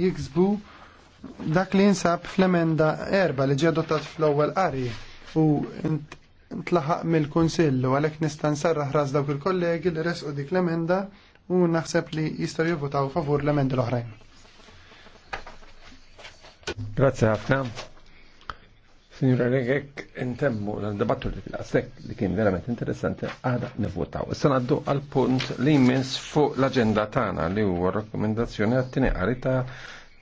jiksbu dak li jinsab fl-emenda erba li ġie adottat fl-ewwel qari u ntlaħaq mill-Kunsillu għalhekk nista' nsarraħ ras dawk il-kollegi li resqu dik l-emenda u naħseb li jistgħu jivvutaw favur l-emendi l-oħrajn. Grazie ħafna. Signora Regek, intemmu l-debattu li fil-qasek li kien verament interessanti għada nivvotaw. Issa għaddu għal-punt li jmiss fuq l-agenda tana li huwa rakkomendazzjoni għat-tini ta'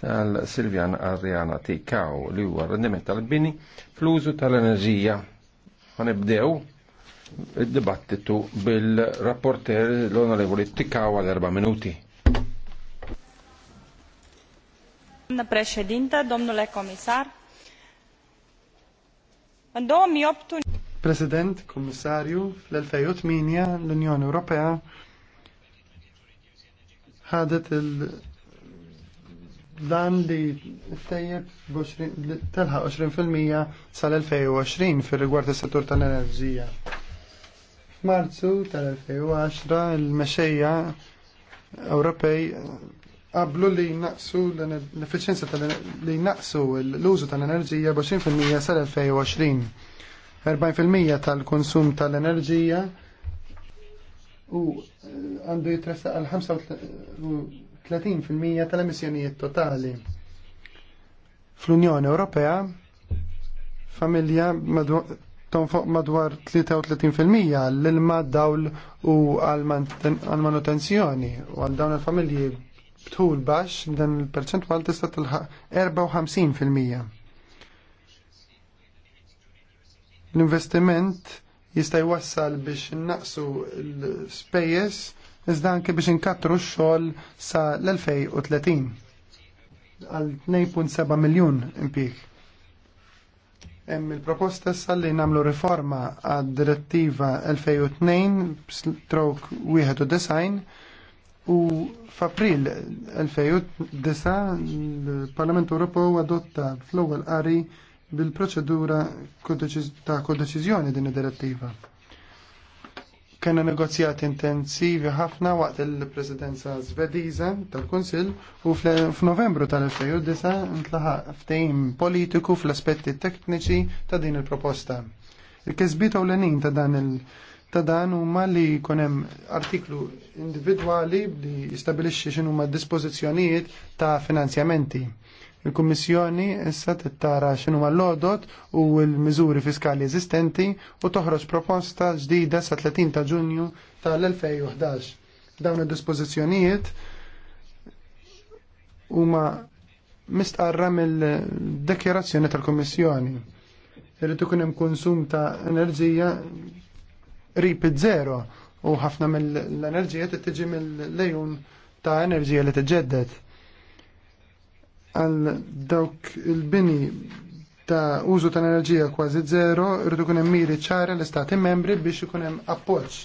tal-Silvjan Arjana Tikaw li huwa rendiment tal-bini fl-użu tal-enerġija. Għanibdew il dibattitu bil-rapporter l-onorevoli Tikaw għal erba' minuti. Domnule președinte, domnule comisar, President, Kommissarju, fl-2008 l-Unjoni Ewropea ħadet il- dan li tejjeb telħa 20% sal-2020 fil rigward is-settur tal-enerġija. F'Marzu tal-2010 il-mexejja Ewropej qablu li naqsu l-efficienza li naqsu l-użu tal-enerġija b'20% sal-2020. 40% tal-konsum tal-enerġija u eh, għandu jitressa għal 35% tal-emissjonijiet totali. Fl-Unjoni Ewropea, familja tonfoq madwar 33% l-ilma dawl u għal-manutenzjoni u għal dawn il-familji btul baxx dan il-perċentwal tista' tilħaq 54%. L-investiment jista' jwassal biex innaqsu l-spejjeż iżda anke biex inkattru x-xogħol sa l-2030 għal 2.7 miljun impjieg. Hemm il-proposta sa li nagħmlu riforma għad direttiva 2002 stroke 91 U f'April 2009 il-Parlament Ewropew adotta fl-ewwel qari bil-proċedura ta' kodeċiżjoni din id-direttiva. Kenna negozjati intensivi ħafna waqt il-Presidenza Svediża tal-Kunsill u f'Novembru tal-2009 ntlaħaq ftehim politiku fl-aspetti tekniċi ta' din il-proposta. Il-kisbita u l-enin ta' dan il- ta' dan huma li jkun hemm artiklu individwali li jistabilixxi x'inhu ma' dispożizzjonijiet ta' finanzjamenti. Il-Kummissjoni issa tittara x'inhuma l-lodot u l-miżuri fiskali eżistenti u toħroġ proposta ġdida sa 30 ta' Ġunju tal-2011. Dawn id-dispożizzjonijiet huma mistqarra mill-dekjerazzjoni tal-Kummissjoni. Irrid ikun hemm konsum ta' enerġija ripid zero u ħafna mill-enerġija t tiġi mill-lejun ta' enerġija li t-ġeddet. Għal dawk il-bini ta' użu ta' enerġija kważi zero, rridu kunem miri ċara l-istati membri biex ikunem appoċ.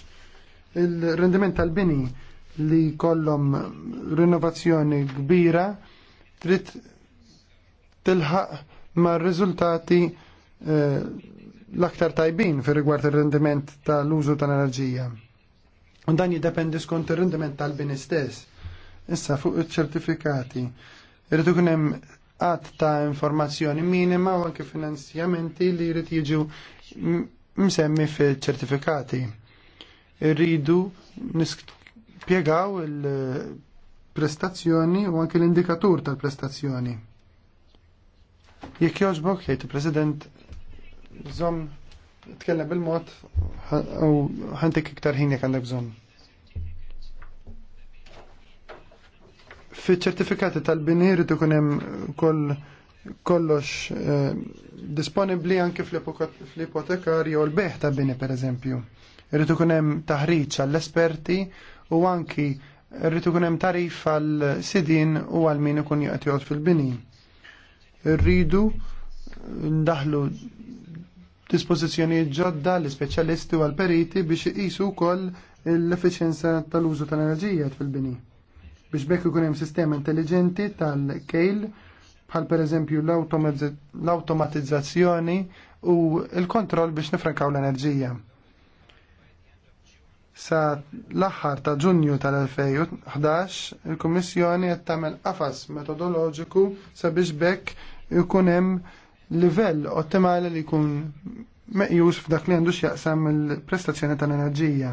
Il-rendiment tal-bini li kollom rinnovazzjoni kbira trid tilħaq ma' rizultati eh, l-aktar tajbin fi rigward ir-rendiment tal-użu tal-enerġija. U dan jiddependi skont ir-rendiment tal-bini stess. Issa fuq iċ-ċertifikati. Irrid ikun hemm qatt ta' informazzjoni minima u anke finanzjamenti li jrid jiġu msemmi fil-ċertifikati. Irridu nispjegaw il-prestazzjoni u anke l-indikatur tal-prestazzjoni. Jekk jogħġbok jgħid il-President Zom, tkellem bil-mod, u ħantik iktar ħinek għandek bżon. Fi ċertifikati tal-bini tukunem koll kollox eh, disponibli anke fl ipotekar u l-beħ ta' bini per eżempju. ikun kunem taħriċ għall-esperti u anki ikun kunem tarif għall sidin u għal-min ikun jgħatijot fil-bini. Rridu ndaħlu dispożizzjonijiet ġodda l ispeċjalisti u għal-periti biex iqisu wkoll l-effiċjenza tal-użu tal-enerġija fil-bini. Biex bekk ikun hemm sistema intelligenti tal-kejl bħal pereżempju l-automatizzazzjoni u l-kontroll biex nifrankaw l-enerġija. Sa l-aħħar ta' Ġunju tal-2011, il-Kummissjoni qed tagħmel qafas metodoloġiku sabiex bekk ikun hemm livell ottimali li jkun meqjus f'dak li għandu x'jaqsam il-prestazzjoni tal-enerġija.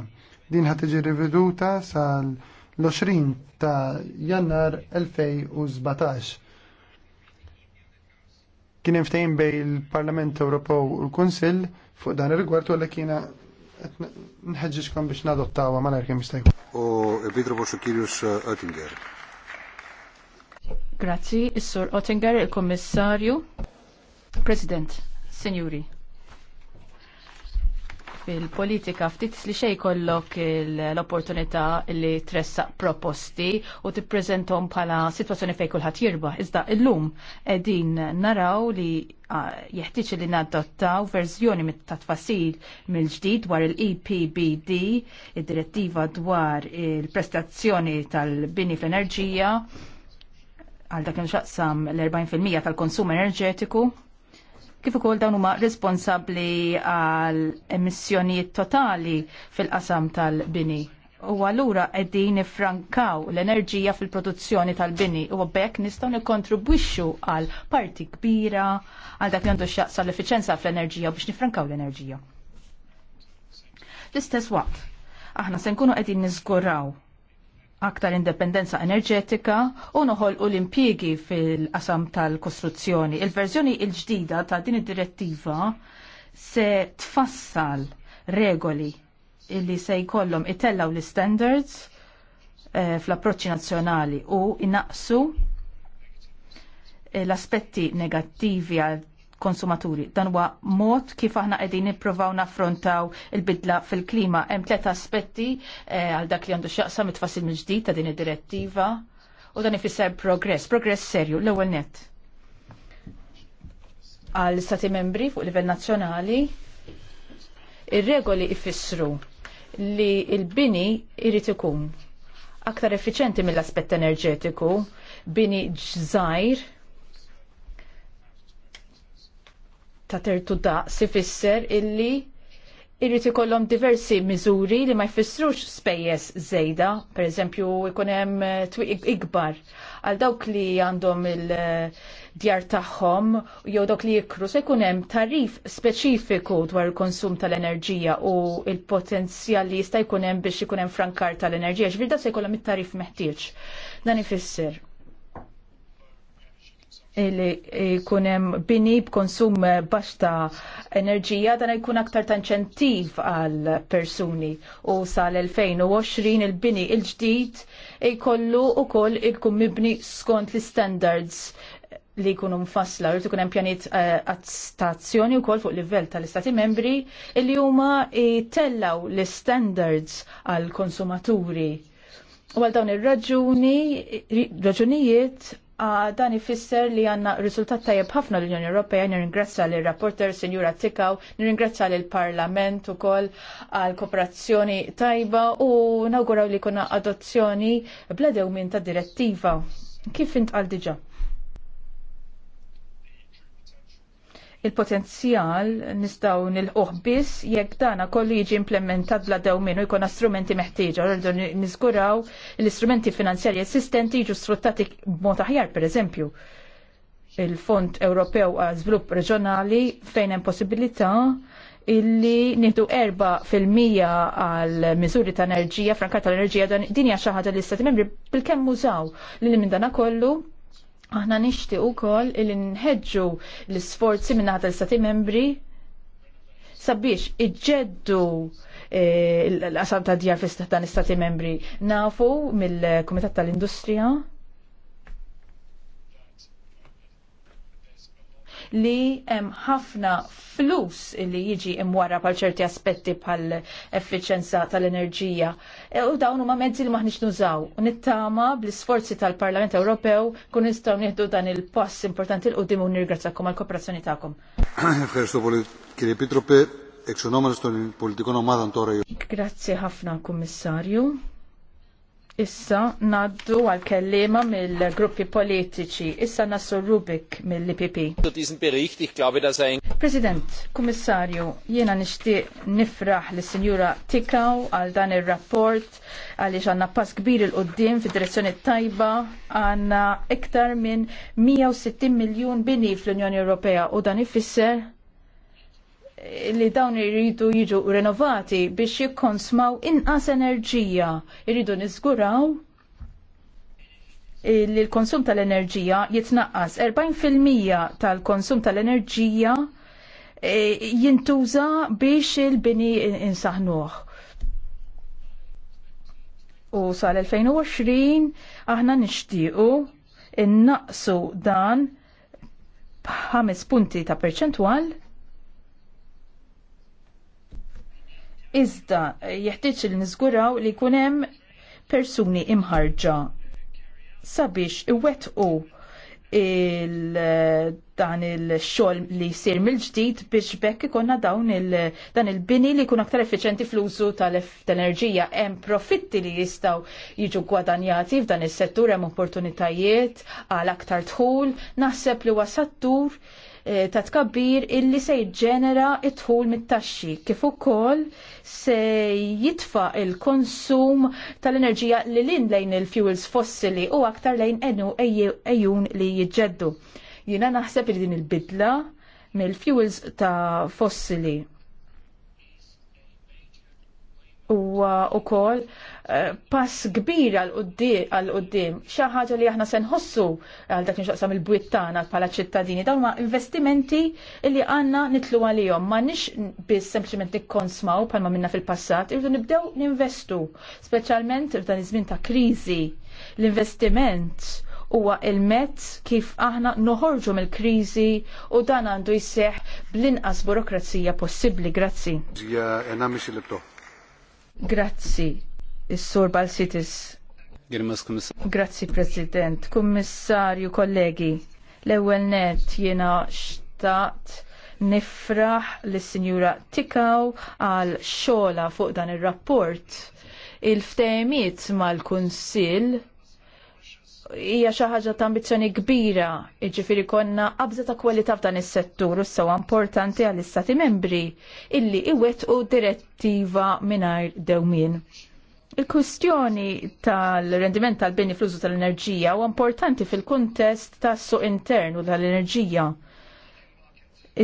Din ħat iġi riveduta sal l-20 ta' jannar 2017. Kien hemm bej il-Parlament Ewropew u l-Kunsill fuq dan ir-rigward walla kiena nħeġġiġkom biex nadottawa malajr kemm jista' U vidru bosu Kirjus Oettinger. Grazzi, is-Sur Oettinger, il-Kommissarju. President, Signori, fil-politika ftit li xej kollok l-opportunità li tressaq proposti u prezentom bħala situazzjoni fej kulħadd jirba. Iżda illum qegħdin naraw li jeħtieġ li nadottaw verżjoni ta' tfasil mill-ġdid dwar il-EPBD, id-direttiva dwar il-prestazzjoni tal-bini fl-enerġija għal dak nxaqsam l-40% tal-konsum enerġetiku kif ukoll dawn huma responsabbli għal emissjonijiet totali fil-qasam tal-bini. U allura qegħdin ifrankaw l-enerġija fil-produzzjoni tal-bini u bekk nistgħu nikkontribwixxu għal parti kbira għal dak li għandu x'jaqsam l-effiċenza fl-enerġija biex nifrankaw l-enerġija. L-istess waqt, aħna se nkunu qegħdin niżguraw aktar indipendenza enerġetika u noħol u l impiegi fil-qasam tal-kostruzzjoni. Il-verżjoni il-ġdida ta' din id-direttiva se tfassal regoli illi se jkollhom itellaw l-standards eh, fl-approċċi nazzjonali u inaqsu eh, l-aspetti negattivi għal konsumaturi. Dan huwa mod kif aħna qegħdin nippruvaw naffrontaw il-bidla fil-klima. Hemm tliet aspetti eh, għal dak li għandu x'jaqsam it-tfasil mill-ġdid ta' din id-direttiva u dan ifisser progress, progress serju l-ewwel net. Għal stati membri fuq livell nazzjonali ir-regoli ifissru li l bini jrid ikun aktar effiċenti mill-aspett enerġetiku, bini ġżajr, ta' tertu daqs ifisser illi irrid ikollhom diversi miżuri li ma jfissrux spejjeż żejda, pereżempju jkun hemm eh, twi ikbar għal dawk li għandhom il-djar tagħhom jew dawk li jikru se jkun hemm tarif speċifiku dwar il-konsum tal-enerġija u il-potenzjal li jista' jkun hemm biex ikun hemm frankar tal-enerġija, ġvirda se jkollhom it-tarif meħtieġ. Dan ifisser li kunem bini b'konsum baxx ta' enerġija dan jkun aktar tanċentiv għal persuni u sal-2020 il-bini il-ġdid jkollu u koll jkun mibni skont li standards li jkunu mfassla u jkun hemm pjaniet stazzjoni eh, wkoll fuq livell tal-Istati membri li huma jtellaw l-standards għal konsumaturi. U għal dawn ir-raġuni, raġunijiet Ah, dan ifisser li għanna rizultat tajjeb ħafna l-Unjoni Ewropea, nirringrazzja l rapporter Sinjura Tikaw, nirringrazzja l parlament u koll għal kooperazzjoni tajba u nawguraw li kuna adozzjoni bla minn ta' direttiva. Kif int għal diġa? il-potenzjal nistaw nil-uħ biss jekk dana kollu jiġi implementat bla daw u jkun strumenti meħtieġa rridu niżguraw l-istrumenti finanzjarji esistenti jiġu sfruttati b'mod aħjar pereżempju. Il-Fond Ewropew għal Żvilupp Reġjonali fejn hemm possibilità illi nieħdu 4% għal miżuri ta' enerġija, franka tal-enerġija din hija xi ħaġa li stati membri bil-kemm użaw lil minn dana kollu Aħna u wkoll il nħeġġu l-isforzi minna ħata l-Stati membri sabiex iġġeddu eh, l-qasam ta' djar fi dan istati membri. Nafu mill-Kumitat tal-Industrija li hemm ħafna flus li jiġi imwara pal ċerti aspetti pal effiċenza tal-enerġija. E, u dawn huma mezzi li ma maħniġ nużaw. Nittama bl-isforzi tal-Parlament Ewropew kun nistgħu nieħdu dan il-pass importanti l qudiem u nirgrazzakom għall-kooperazzjoni tagħkom. Grazie ħafna, Kummissarju. Issa naddu għal kellima mill-gruppi politiċi. Issa nassu Rubik mill-IPP. President, Kummissarju, jiena nixtieq nifraħ li sinjura Tikaw għal dan ir rapport għaliex għandna pass kbir il-qoddim fid direzzjoni tajba għandna iktar minn 160 miljun bini fl-Unjoni Ewropea u dan ifisser li dawn irridu jiġu renovati biex jikkonsmaw inqas enerġija. Irridu niżguraw li l-konsum tal-enerġija jitnaqqas 40% tal-konsum tal-enerġija e, jintuża biex il-bini insaħnuħ. U sal-2020 aħna nixtiequ innaqsu dan 5 punti ta' perċentwal Iżda jeħtieġ li niżguraw li jkun hemm persuni imħarġa sabiex iwettqu il dan il-xol li jisir mill-ġdid biex bekk ikonna dawn il dan il-bini li jkun aktar effiċenti fl-użu tal-enerġija. Hemm profitti li jistgħu jiġu gwadanjati f'dan is-settur hemm opportunitajiet għal aktar dħul, naħseb li huwa sattur Eh, ta' tkabbir illi se jġenera it-tħul mit-taxxi kif ukoll se jitfa il-konsum tal-enerġija li lin lejn il-fuels fossili u aktar lejn enu ejjun li jiġġeddu. Jina naħseb li din il-bidla mill-fuels ta' fossili huwa uh, wkoll uh, pass kbir għal qudiem xi ħaġa li aħna se nħossu għal dak nixaqsam il-bwiet tagħna bħala ċittadini dawn huma investimenti li għandna nitlu għalihom m'għandniex biss sempliċement nikkonsmaw bħalma minna fil-passat irridu nibdew ninvestu speċjalment f'dan iż-żmien ta' kriżi l-investiment huwa il-mezz kif aħna noħorġu mill-kriżi u dan għandu jseħħ bl-inqas burokrazija possibbli. Grazzi. Grazzi, is-Sur Balsitis. Grazzi, President. Kummissarju, kollegi, l-ewwel net jiena xtaqt nifraħ lis-Sinjura Tikaw għal xogħla fuq dan ir-rapport. Il-ftehmiet mal-Kunsill hija xi ħaġa ta' ambizzjoni kbira, jiġifieri konna qabża ta' kwalità f'dan is-settur u sewa importanti għall istati membri illi iwettqu direttiva mingħajr dewmien. Il-kwistjoni tal-rendiment tal-bini fl-użu tal-enerġija huwa importanti fil-kuntest tas-suq internu tal-enerġija.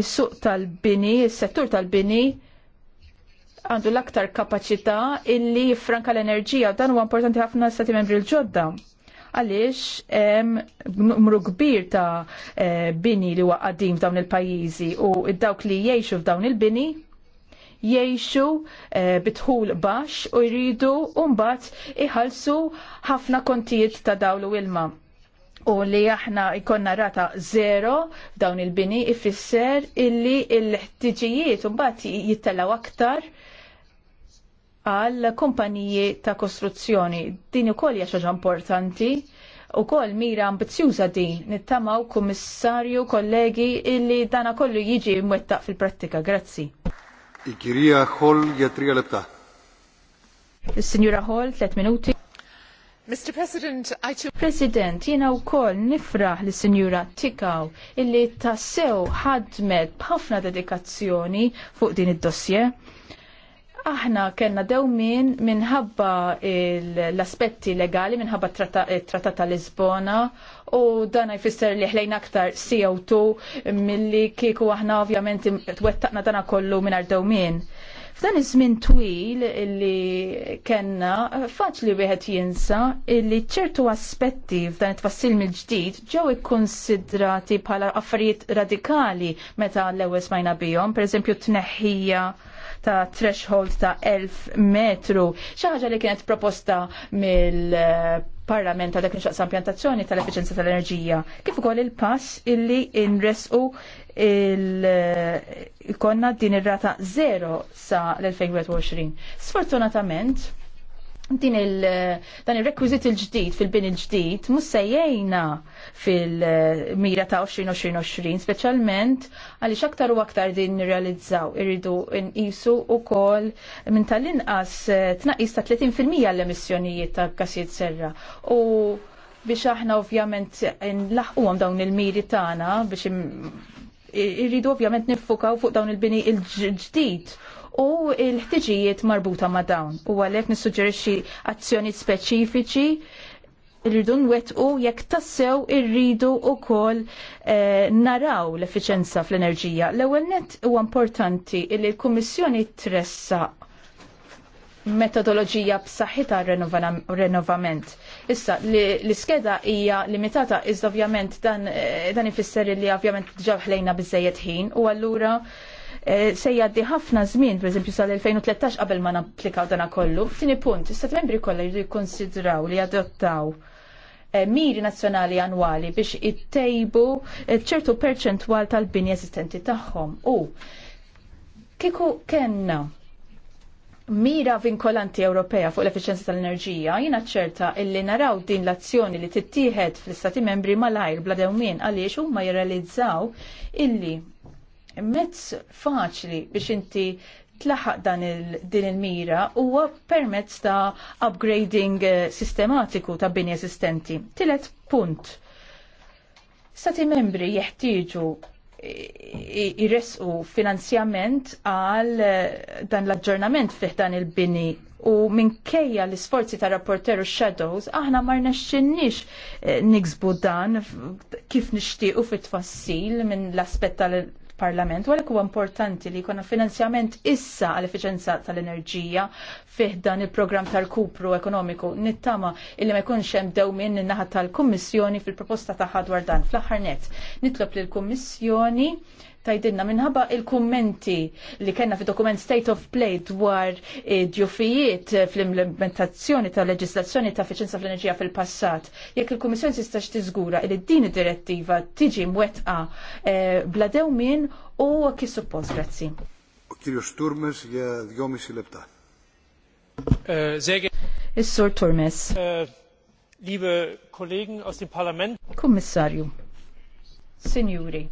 Is-suq tal-bini, is-settur tal-bini, għandu l-aktar kapacità illi franka l-enerġija dan huwa importanti ħafna stati membri l-ġodda għaliex mru kbir ta' eh, bini li waqadim dawn f'dawn il-pajjiżi u dawk li jgħixu f'dawn il-bini jgħixu eh, bitħul baxx u jridu mbagħad iħallsu ħafna kontijiet ta' dawlu ilma u li aħna ikonna rata zero dawn il-bini ifisser illi l-ħtiġijiet mbagħad jittellgħu aktar għal kumpaniji ta' kostruzzjoni. Din ukoll hija jaxħaġa importanti u kol mira ambizjuza din nittamaw kummissarju kollegi illi dana kollu jiġi mwettaq fil-prattika. Grazzi. Ikirija Hall jatrija lebta. Signora Hall, 3 minuti. Mr. President, I too... President, jina u kol nifraħ li sinjura Tikaw illi tassew ħadmet b'ħafna dedikazzjoni fuq din id-dossier aħna kellna dewmin minħabba l-aspetti legali minħabba trattata ta' Lisbona u dan jfisser li ħlejna aktar CO2 milli kieku aħna ovvjament twettaqna dana kollu mingħajr dewmien. F'dan iż-żmien twil li kellna faċli wieħed jinsa li ċertu aspetti f'dan it-tfassil mill-ġdid ġew ikkonsidrati bħala affarijiet radikali meta l-ewwel smajna bihom, pereżempju tneħħija ta' threshold ta' 1000 metru. ħaġa li kienet proposta mill parlament għal dak nixaqsam pjantazzjoni tal-efficienza tal-enerġija. Kif ukoll il-pass illi inresqu il-konna din ir-rata zero sa l 2020 Sfortunatament, din il, dan il requisit il-ġdid fil-bin il-ġdid mussejjejna fil-mira ta' 2020, specialment għaliex aktar u aktar din nirrealizzaw irridu nqisu u kol minn tal-inqas eh, tnaqis ta' 30% l-emissjonijiet ta' gassijiet serra. U biex aħna ovvjament nlaħquhom dawn il-miri tagħna biex irridu ovvjament niffukaw fuq dawn il-bini il-ġdid u l-ħtiġijiet marbuta ma' dawn. U għalhekk nissuġġerixxi azzjoni speċifiċi rridu nwettqu jekk tassew irridu wkoll eh, naraw l-effiċenza fl-enerġija. L-ewwel nett huwa importanti li l-Kummissjoni tressaq metodoloġija b'saħħitha renovament. Issa, l-iskeda hija limitata, iżda ovvjament dan, eh, ifisser li ovvjament ħlejna biżejjed ħin u allura Eh, se jgħaddi ħafna żmien, pereżempju sal-2013 qabel ma napplikaw dana kollu. Tini punt, istat membri kollha jridu jikkonsidraw li jadottaw eh, miri nazzjonali annwali biex ittejbu eh, ċertu perċentwal tal-bini eżistenti tagħhom. U kieku kenna mira vinkolanti Ewropea fuq l-efficienza tal-enerġija, jina ċerta illi naraw din l-azzjoni li tittieħed fl-Istati membri malajr bla dewmien għaliex huma jirrealizzaw illi mezz faċli biex inti tlaħaq dan il, din il-mira huwa permezz ta' upgrading eh, sistematiku ta' bini esistenti. Tilet punt. Stati membri jeħtieġu jirresqu eh, finanzjament għal eh, dan l-aġġornament fih dan il-bini u minkejja l-isforzi ta' rapporteru Shadows aħna ma rnexxinniex niksbu dan kif nixtiequ fit-tfassil minn l-aspett tal parlament. U għalek huwa importanti li jkun finanzjament issa għall efficienza tal-enerġija fih dan il-programm tal-kupru ekonomiku nittama illi ma jkunx hemm dewmien in-naħa tal-Kummissjoni fil-proposta tagħha dwar dan fl-aħħar net. Nitlob lill-Kummissjoni tajdinna minħabba il-kummenti li kena fi dokument State of Play dwar djufijiet fl-implementazzjoni ta' leġislazzjoni ta' efficienza fl-enerġija fil-passat. Jekk il-Kummissjoni tistax tiżgura li din id-direttiva tiġi mwettqa eh, bla dewmin u kif suppost grazzi. Turmes ja il-lebta. Eh, Is-Sur Turmes. Eh, liebe Kollegen aus dem Parlament. Kommissarju. Signori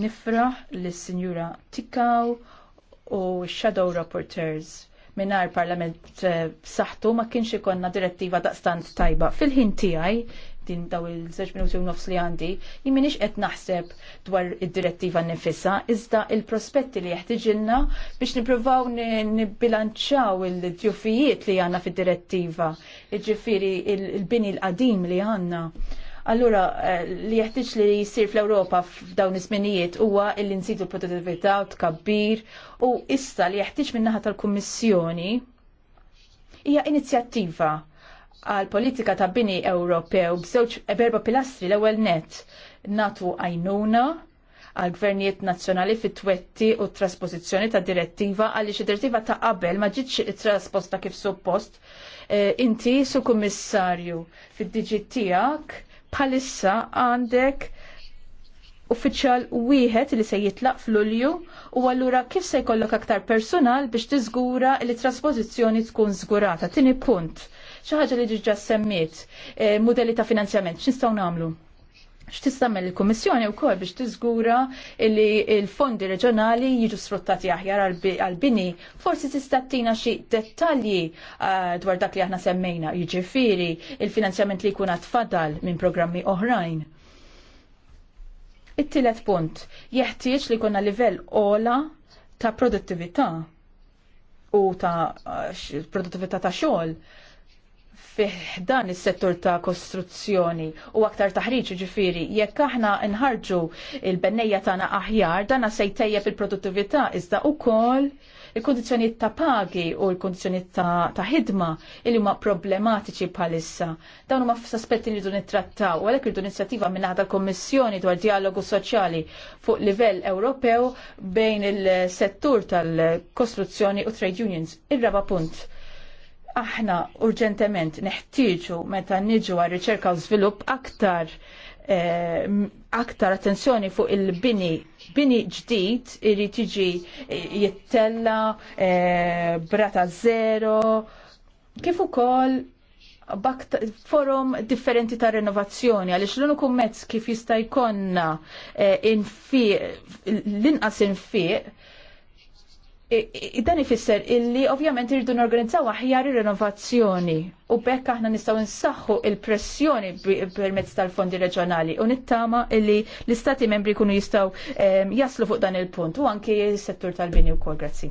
nifraħ l-Sinjura Tikaw u Shadow Rapporteurs minar parlament b'saħħtu eh, ma kienx ikonna direttiva daqstant tajba. Fil-ħin tiegħi din daw il-żewġ minuti u nofs li għandi, jien m'iniex qed naħseb dwar id-direttiva nifissa, iżda il-prospetti li jeħtiġilna biex nippruvaw nibilanċaw il-djufijiet li għandna fid-direttiva, jiġifieri il-bini l-qadim li għandna Allura eh, li jeħtieġ li jsir fl-Ewropa f'dawn iż-żminijiet huwa li nsidu l-produttività u tkabbir u issa li jeħtieġ min-naħa tal-Kummissjoni hija inizjattiva għal politika ta' bini Ewropew b'żewġ eh, berba pilastri l-ewwel net natu għajnuna għal gvernijiet nazzjonali fit twetti u trasposizzjoni ta' direttiva għal direttiva ta' qabel ma ġitx trasposta kif suppost. Eh, inti su kummissarju fid-diġi tiegħek bħalissa għandek uffiċjal wieħed li se jitlaq f'Lulju u allura kif se jkollok aktar personal biex tiżgura li t-traspożizzjoni tkun żgurata. Tieni punt, xi ħaġa li ġiġa semmiet, eh, modelli ta' finanzjament, x'instgħu nagħmlu? x'tistamel il-Kummissjoni wkoll biex tiżgura li l-fondi reġjonali jiġu sfruttati aħjar għall-bini. Forsi tista' tina xi dettalji uh, dwar dak li aħna semmejna, jiġifieri il-finanzjament li jkun tfadal minn programmi oħrajn. It-tielet punt, jeħtieġ li jkollna livell ola ta' produttività u ta' uh, produttività ta' xogħol fih dan is-settur ta' kostruzzjoni u aktar taħriġ ġifiri, jekk aħna nħarġu il-bennejja tagħna aħjar, dana se fil il-produttività iżda wkoll il kondizjoni ta' pagi u l kondizjoni ta' ħidma il huma problematiċi bħalissa. Dawn huma f'saspetti li rridu nittrattaw u għalhekk irridu inizjattiva minn kommissjoni dwar dialogu soċjali fuq livell Ewropew bejn il-settur tal-kostruzzjoni u trade unions. Ir-raba punt aħna urġentement neħtieġu meta niġu għal riċerka u żvilupp aktar eh, aktar attenzjoni fuq il-bini bini ġdid irid tiġi eh, jittella eh, brata zero kif ukoll forum differenti ta' rinnovazzjoni għaliex l-uniku mezz kif jista' jkollna eh, l-inqas infiq dan ifisser illi ovvjament irridu norganizzaw aħjar ir-renovazzjoni u bekk aħna nistgħu nsaħħu il-pressjoni permezz tal-fondi reġjonali u nittama illi l-istati membri jkunu jistgħu ehm, jaslu fuq dan il-punt u anke s-settur tal-bini wkoll grazzi.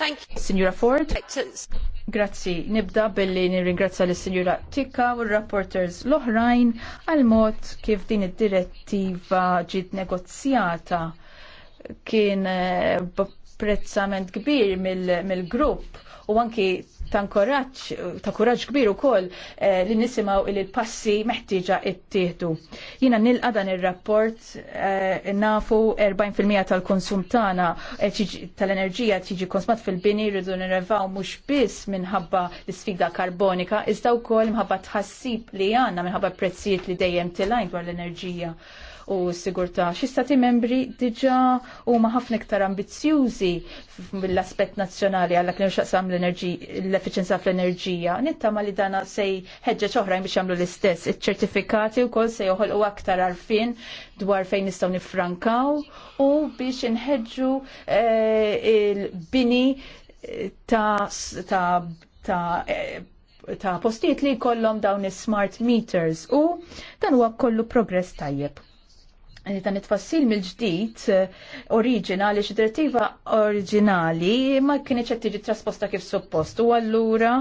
Thank you. Signora Ford. Grazzi, nibda billi nirringrazzja l sinjura Tikka u r-rapporters l-oħrajn għal mod kif din id-direttiva ġiet negozjata kien eh, prezzament kbir mill-grupp u anki ta' koraċ, ta' koraċ kbir ukoll eh, li nisimaw il passi meħtieġa ittieħdu. Jina nilqa dan ir-rapport eh, nafu 40% tal-konsum tagħna tal-enerġija tiġi konsumat fil-bini rridu nirrevaw mhux biss minħabba l-isfida karbonika, iżda wkoll minħabba tħassib li għandna minħabba prezzijiet li dejjem tilajn dwar l-enerġija u s-sigurtà. Xi stati membri diġà huma ħafna iktar ambizjużi mill-aspett nazzjonali għal kien xaqsam l-efficienza fl-enerġija. Nittama li dana sej ħedġa oħrajn biex jagħmlu l-istess. Iċ-ċertifikati wkoll se joħolqu aktar arfin dwar fejn nistgħu nifrankaw u biex nħedġu eh, il-bini eh, ta' eh, ta' postijiet li kollom dawn is-smart meters u dan huwa kollu progress tajjeb dan it-tfassil mill-ġdid eh, oriġinali xi direttiva oriġinali ma kienieċ qed tiġi trasposta kif suppost. U allura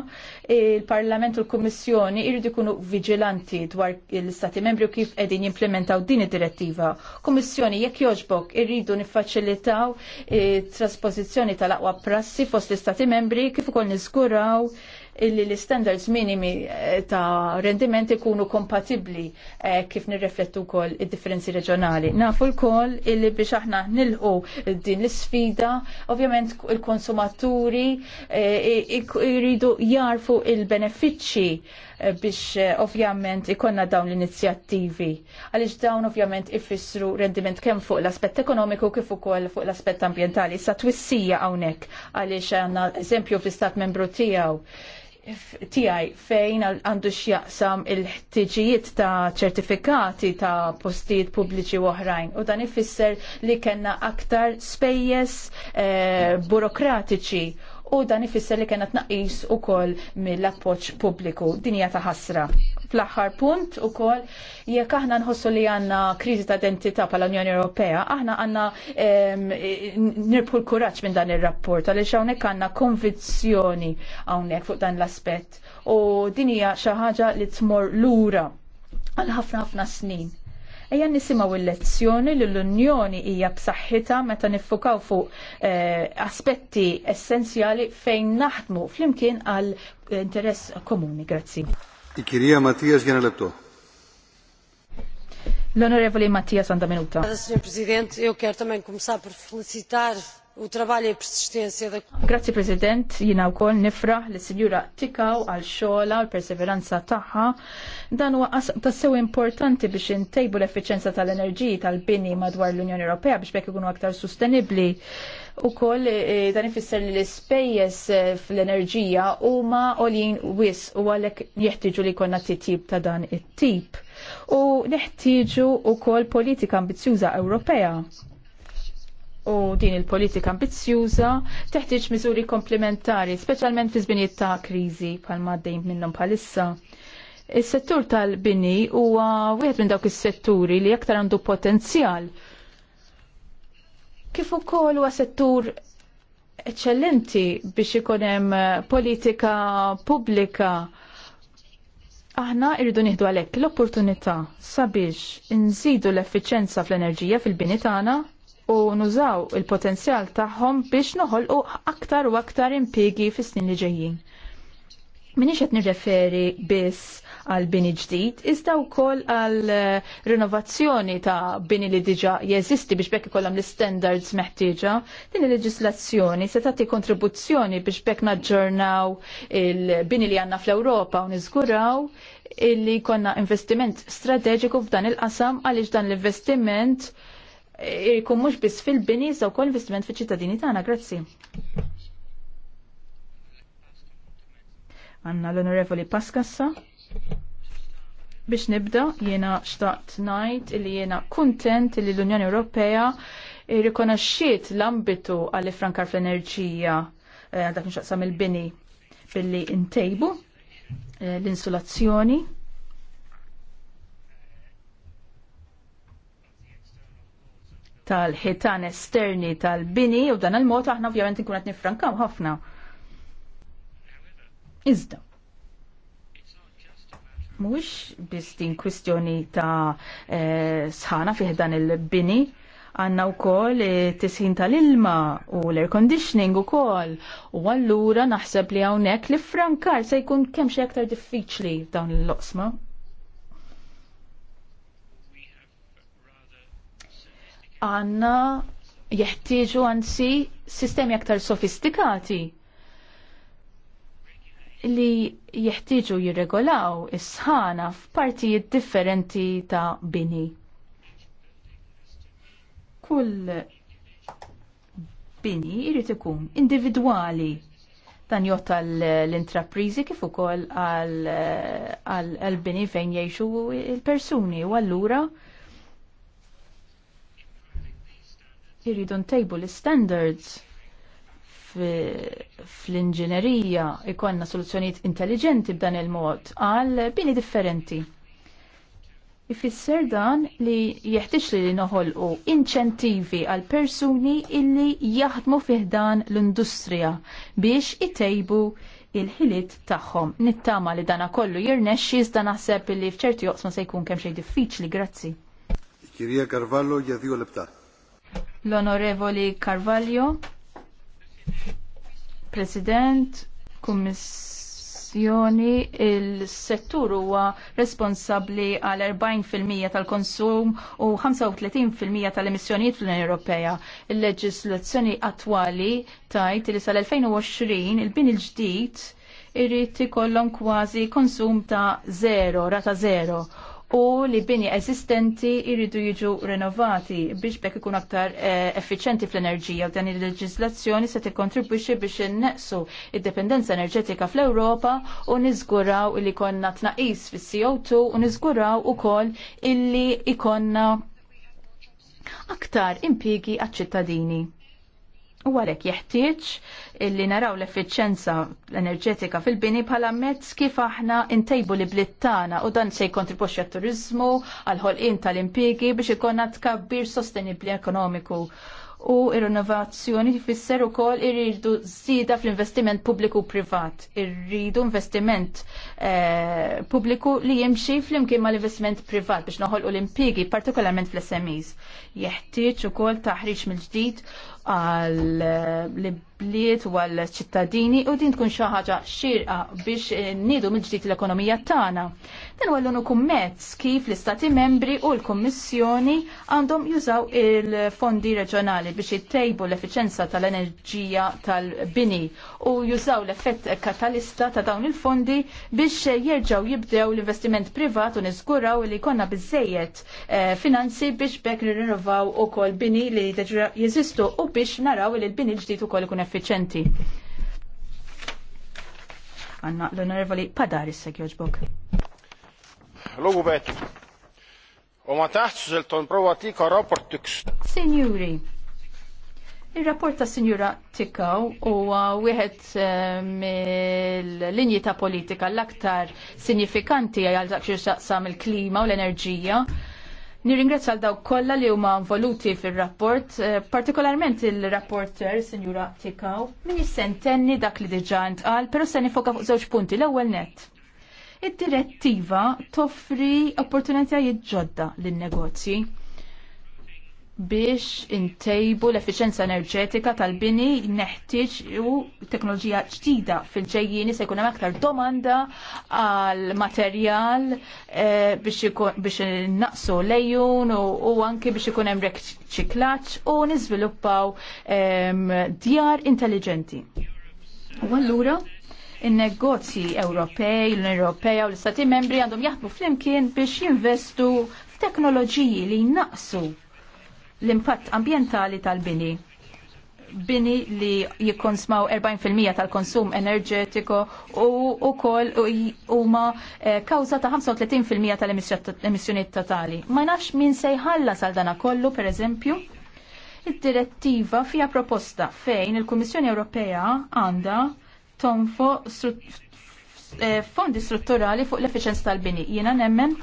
il-Parlament u l-Kummissjoni jridu jkunu viġilanti dwar l-Istati membri u kif qegħdin jimplementaw din id-direttiva. Kummissjoni jekk jogħġbok irridu niffaċilitaw eh, trasposizzjoni tal-aqwa prassi fost l-Istati membri kif ukoll niżguraw illi l-standards minimi eh, ta' rendiment ikunu kompatibli eh, kif nirreflettu kol id-differenzi reġjonali. Nafu l-kol illi biex aħna nilħu din l-sfida, ovvjament il-konsumaturi eh, jridu jarfu il-benefiċċi eh, biex eh, ovvjament ikonna dawn l-inizjattivi. Għaliex dawn ovvjament ifissru rendiment kemm fuq l-aspett ekonomiku kif ukoll fuq l-aspett ambientali. Sa twissija hawnhekk għaliex għandna eżempju fl-istat membru tiegħu tiegħi fejn għandu x'jaqsam il-ħtiġijiet ta' ċertifikati ta' postijiet pubbliċi oħrajn. U dan ifisser li kellna aktar spejjeż eh, burokratiċi u dan ifisser li kena tnaqis ukoll mill appoġġ pubbliku. Din hija ta' ħasra. Fl-aħħar punt ukoll jekk aħna nħossu li għandna kriżi ta' identità bħala Unjoni Ewropea, aħna għandna nirpul l-kuraġġ minn dan ir-rapport għaliex hawnhekk għandna konvizzjoni hawnhekk fuq dan l-aspett u din hija xi ħaġa li tmur lura għal ħafna ħafna snin. Ejja nisimaw il-lezzjoni li l-Unjoni hija b'saħħitha meta niffukaw fuq eh, aspetti essenzjali fejn naħdmu flimkien għal interess komuni. Grazzi. Ikirija Mattias jena lebto. L-Onorevoli Mattias għanda minuta. Signor Presidente, eu quero também começar por felicitar u trabalja persistenzja Grazzi President, jina u kol nifraħ li sinjura tikaw għal xola u perseveranza taħħa. Dan huwa tassew importanti biex intejbu l-effiċenza tal-enerġiji tal-bini madwar l-Unjoni Ewropea biex bekk ikunu aktar sostenibli. U koll e, dan ifisser li l-spejjes e, fl-enerġija huma olin wis u għalhekk jeħtieġu li jkollna titjib ta' dan it-tip. U neħtieġu wkoll politika ambizzjuża Ewropea u din il-politika ambizzjuża teħtieġ miżuri komplementari, speċjalment fi żbinijiet ta' kriżi bħal maddejn minnhom bħalissa. Is-settur tal-bini huwa wieħed minn dawk is-setturi li aktar għandu potenzjal. Kif ukoll huwa settur eċċellenti biex ikun hemm politika pubblika Aħna irridu nieħdu għalhekk l-opportunità sabiex inżidu l-effiċenza fl-enerġija fil-bini tagħna u nużaw il-potenzjal tagħhom biex noħolqu aktar u aktar impjiegi fis-snin li ġejjin. Minix qed nirreferi biss għal bini ġdid, iżda wkoll għal eh, rinnovazzjoni ta' bini li diġa jeżisti biex bekk ikollhom l-standards meħtieġa. Din il-leġislazzjoni se tagħti kontribuzzjoni biex bekk naġġornaw il-bini li għandna fl-Ewropa u niżguraw illi konna investiment strateġiku f'dan il-qasam għaliex dan l-investiment il jkun mhux biss fil-bini iżda kol investiment fiċ-ċittadini tagħna. Grazzi. Għanna l-Onorevoli Paskassa. Biex nibda, jiena xtaqt ngħid li jiena kuntent li l-Unjoni Ewropea rikonoxxiet l-ambitu għall frankar fl-enerġija eh, għal dak nxaqsam il-bini billi ntejbu eh, l-insulazzjoni tal-ħitan esterni tal-bini u dan il-mod aħna ovvjament nkun qed nifrankaw ħafna. Iżda. Mhux biss din kwistjoni ta' eh, sħana fih dan il-bini, għanna u kol tisħin tal-ilma u l-air conditioning u kol. U għallura naħseb li għawnek li frankar se jkun kemm xi aktar diffiċli dawn l-loqsma. għanna jeħtieġu għansi sistemi aktar sofistikati li jeħtieġu jirregolaw is-sħana f'partijiet differenti ta' bini. Kull bini jrid ikun individwali dan jott l-intraprizi kif ukoll għal-bini fejn jgħixu il-persuni u allura Irridu ntejbu l-standards fl-inġinerija ikonna soluzzjoniet intelligenti b'dan il-mod għal bini differenti. Ifisser dan li jeħtieġ li noħolqu inċentivi għal persuni illi jaħdmu dan l-industrija biex itejbu il-ħiliet tagħhom. Nittama li dana kollu jirnexxi iżda naħseb li f'ċerti joqsma se jkun kemm xejn diffiċli, grazzi. Kirija Carvallo jadhiju l-ibtat l-Onorevoli Carvalho, President, Kummissjoni, il-settur huwa responsabbli għal 40% tal-konsum u 35% tal-emissjonijiet fl-Unjoni Ewropea. Il-leġislazzjoni attwali tajt li sal-2020 il-bin il-ġdid irrid ikollhom kważi konsum ta' zero, rata zero u li bini eżistenti jridu jiġu renovati biex bekk ikun aktar eh, effiċenti fl-enerġija u dan il-leġislazzjoni se tikkontribwixxi biex innaqsu id-dependenza enerġetika fl-Ewropa u niżguraw li konna tnaqis fis-CO2 u niżguraw ukoll illi ikonna aktar impjiegi għaċ-ċittadini u għalek jeħtieġ li naraw l-effiċenza enerġetika fil-bini bħala mezz kif aħna intejbu li blittana u dan se jkontribuxxi għat-turizmu, għal ħolqien tal-impjiegi biex ikonna tkabbir sostenibli ekonomiku u ir renovazzjoni tifisser ukoll irridu żieda fl-investiment pubbliku privat. Irridu investiment eh, pubbliku li jimxi flimkien mal investiment privat biex noħolqu l-impigi, partikolarment fl-SMEs. Jeħtieġ ukoll taħriġ mill-ġdid għal eh, bliet u għall ċittadini u din tkun xi ħaġa xirqa biex eh, nidu mill-ġdid l-ekonomija tagħna. Dan huwa l mezz kif l-Istati membri u l-Kummissjoni għandhom jużaw il-fondi reġjonali biex jittejbu l-efficienza tal-enerġija tal-bini u jużaw l-effett katalista ta' dawn il-fondi biex jerġaw jibdew l-investiment privat u niżguraw li konna biżejjed eh, finanzi biex bekk nirrinnovaw ukoll bini li jeżistu u biex naraw li l-bini l u ukoll ikun effiċenti. Għanna l-onorevoli Padari s Logu betu. u ma taħtsuselt zelton prova tika rapport tiks. Signori, il-rapport ta' Signora Tikaw u wieħed eh, mill-linji ta' politika l-aktar signifikanti għal dak xaqsam il-klima u l-enerġija Nirringrazzja għal dawk kollha li huma involuti fir-rapport, eh, partikolarment il-rapporter Sinjura Tikaw, min jissentenni dak li diġà ntqal, però se nifoka fuq żewġ punti l-ewwel nett. Id-direttiva toffri opportunitajiet ġodda lin-negozji biex intejbu l-efficienza enerġetika tal-bini neħtieġ u teknoloġija ġdida fil-ġejjini se jkun hemm aktar domanda għal materjal eh, biex naqsu lejjun u, u anke biex ikun hemm reċiklaġġ u niżviluppaw djar intelligenti. U allura in-negozji Ewropej, l-Unjoni Ewropea u l-Istati Membri għandhom jaħdmu flimkien biex jinvestu f'teknoloġiji li jnaqsu l-impatt ambjentali tal-bini bini li jikonsmaw 40% tal-konsum enerġetiku u ukoll huma eh, kawża ta' 35% tal-emissjonijiet totali. Ma nafx min se jħallas għal dana kollu, pereżempju, id-direttiva fija proposta fejn il-Kummissjoni Ewropea għandha tonfo eh, fondi strutturali fuq l-efficienza tal-bini. Jiena nemmen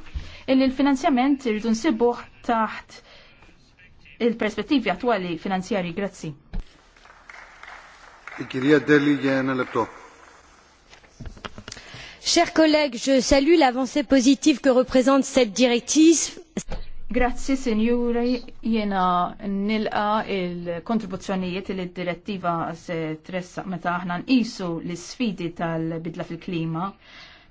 il l-finanzjament irridu nsibuh taħt il-perspettivi attwali finanzjari. Grazzi. Chers collègues, je salue l'avancée positive que représente cette directive. Grazzi, signore, jena nilqa il-kontribuzzjonijiet li d-direttiva se tressa meta aħna nqisu l-sfidi tal-bidla fil-klima.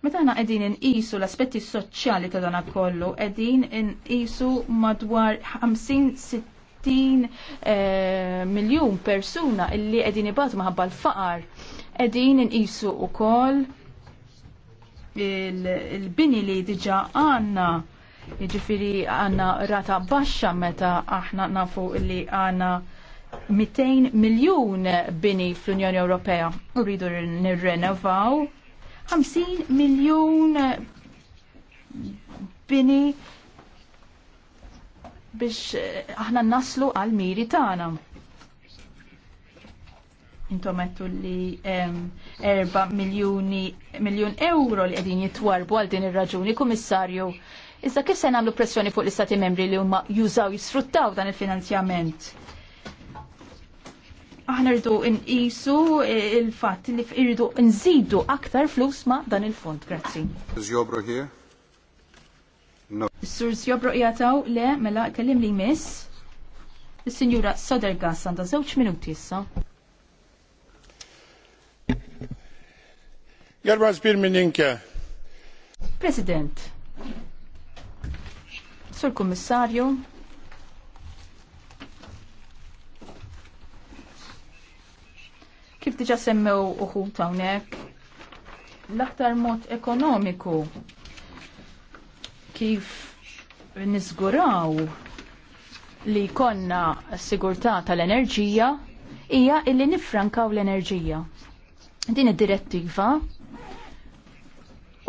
Meta aħna qegħdin nqisu l-aspetti soċjali ta' dan kollu, qegħdin nqisu madwar 50 60 eh, miljun persuna illi qegħdin ibatu maħabba l-faqar qegħdin inqisu wkoll il-bini li diġà għandna jiġifieri għandna rata baxxa meta aħna nafu li għandna 200 miljun bini fl-Unjoni Ewropea u rridu nirrenovaw 50 miljun bini biex eh, aħna naslu għal miri tagħna. Intom għettu li 4 miljoni miljon euro li qegħdin jitwarbu għal din ir-raġuni, kummissarju. Iżda kif se nagħmlu pressjoni fuq l-istati membri li huma jużaw jisfruttaw dan il-finanzjament? Aħna rridu nqisu eh, il-fatt li rridu nżidu aktar flus ma' dan il-fond. Grazzi. Is No. Sur Sjobro jataw le mela kellim li miss. Is-Sinjura Sodergas għandha żewġ minuti issa. Jarbaż Pirmininke. President. Sur Kommissarju, Kif diġa semmew uħu hawnhekk, l-aktar mod ekonomiku kif nizguraw li konna s-sigurtà tal-enerġija hija illi nifrankaw l-enerġija. Din id-direttiva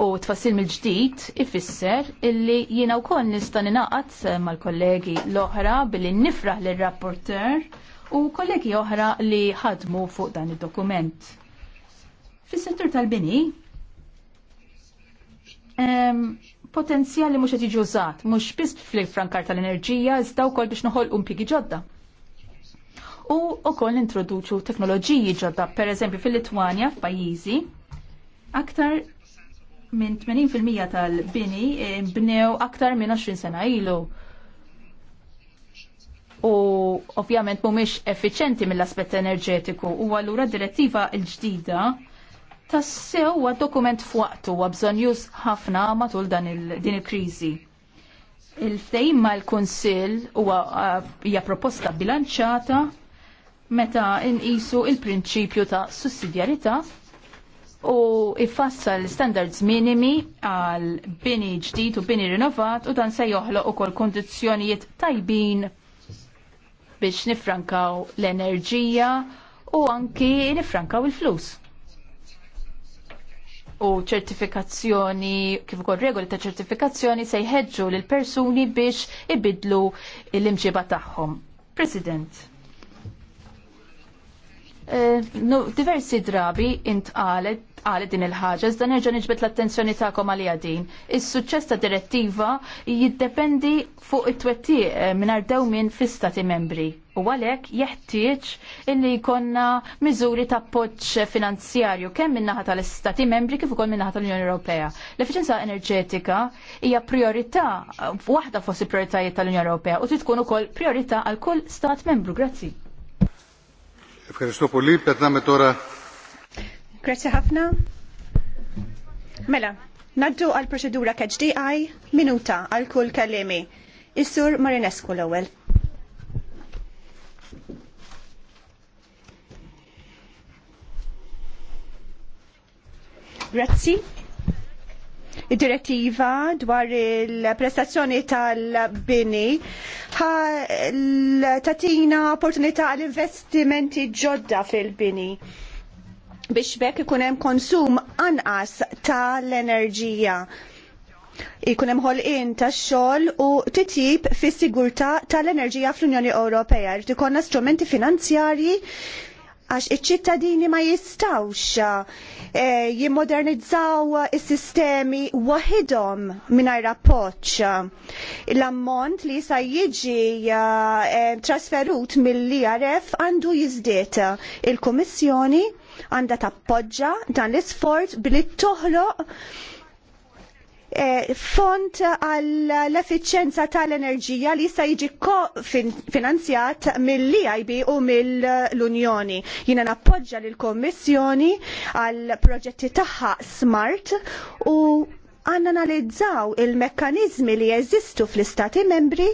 u tfassil mill-ġdid ifisser illi jiena wkoll nista' ninaqat mal-kollegi l-oħra billi nifraħ lir rapporter u kollegi oħra li ħadmu fuq dan id-dokument. Fis-settur tal-bini potenzjali mhux qed jiġi użat, mhux biss fl-frankar tal-enerġija, iżda wkoll biex noħolqu impjiegi ġodda. U wkoll introduċu teknoloġiji ġodda, pereżempju fil-Litwanja f'pajjiżi, aktar minn 80% tal-bini eh, bnew aktar minn 20 sena ilu u ovvjament mhumiex effiċenti mill-aspett enerġetiku u allura d direttiva l-ġdida tassew huwa dokument f'waqtu huwa bżonjus ħafna matul dan il din il-kriżi. Il-ftehim ma l-Kunsill huwa uh, hija proposta bilanċata meta nqisu il-prinċipju ta' sussidjarità u l standards minimi għal bini ġdid u bini rinnovat u dan se joħloq ukoll kondizzjonijiet tajbin biex nifrankaw l-enerġija u anki nifrankaw il-flus u ċertifikazzjoni, kif ukoll regoli ta' ċertifikazzjoni se jħeġġu lil persuni biex ibidlu l-imġiba tagħhom. President. Eh, no, diversi drabi intqalet intqalet din il-ħaġa, iżda nerġa' niġbed l-attenzjoni tagħkom għal din. Is-suċċess ta' direttiva jiddependi fuq it twettiq eh, mingħajr dewmien fl-istati membri. U għalhekk jeħtieġ illi jkollna miżuri ta' appoġġ finanzjarju kemm min-naħa tal-istati membri kif ukoll min-naħa tal-Unjoni Ewropea. L-efficienza enerġetika hija priorità eh, waħda fost il-prioritajiet tal-Unjoni Ewropea u trid tkun ukoll priorità għal kull stat membru. Grazzi. Ευχαριστώ πολύ. Περνάμε τώρα Grazie ħafna. Mela, naddu għal proċedura KHDI minuta għal kull kalemi. Is-sur Marinescu l-ewwel. Grazzi. Id-direttiva dwar il-prestazzjoni tal-bini tatina opportunità għal investimenti ġodda fil-bini biex bekk ikun hemm konsum anqas tal-enerġija ikun hemm ħolqien tax-xogħol u titjib fis-sigurtà tal-enerġija fl-Unjoni Ewropea. Rid ikollna strumenti finanzjarji għax iċ-ċittadini ma jistawx eh, jimmodernizzaw is-sistemi waħidhom mingħajr appoġġ. L-ammont li sa jiġi eh, trasferut mill-IRF għandu jiżdied il-Kummissjoni għandha tappoġġa dan l-isforz billi toħloq eh, font għall-efficienza tal-enerġija li jista' jiġi finanzjat mill-EIB u mill-Unjoni. Jiena nappoġġa lill kummissjoni għall proġetti tagħha Smart u analizzaw il-mekkanizmi li jeżistu fl-Istati membri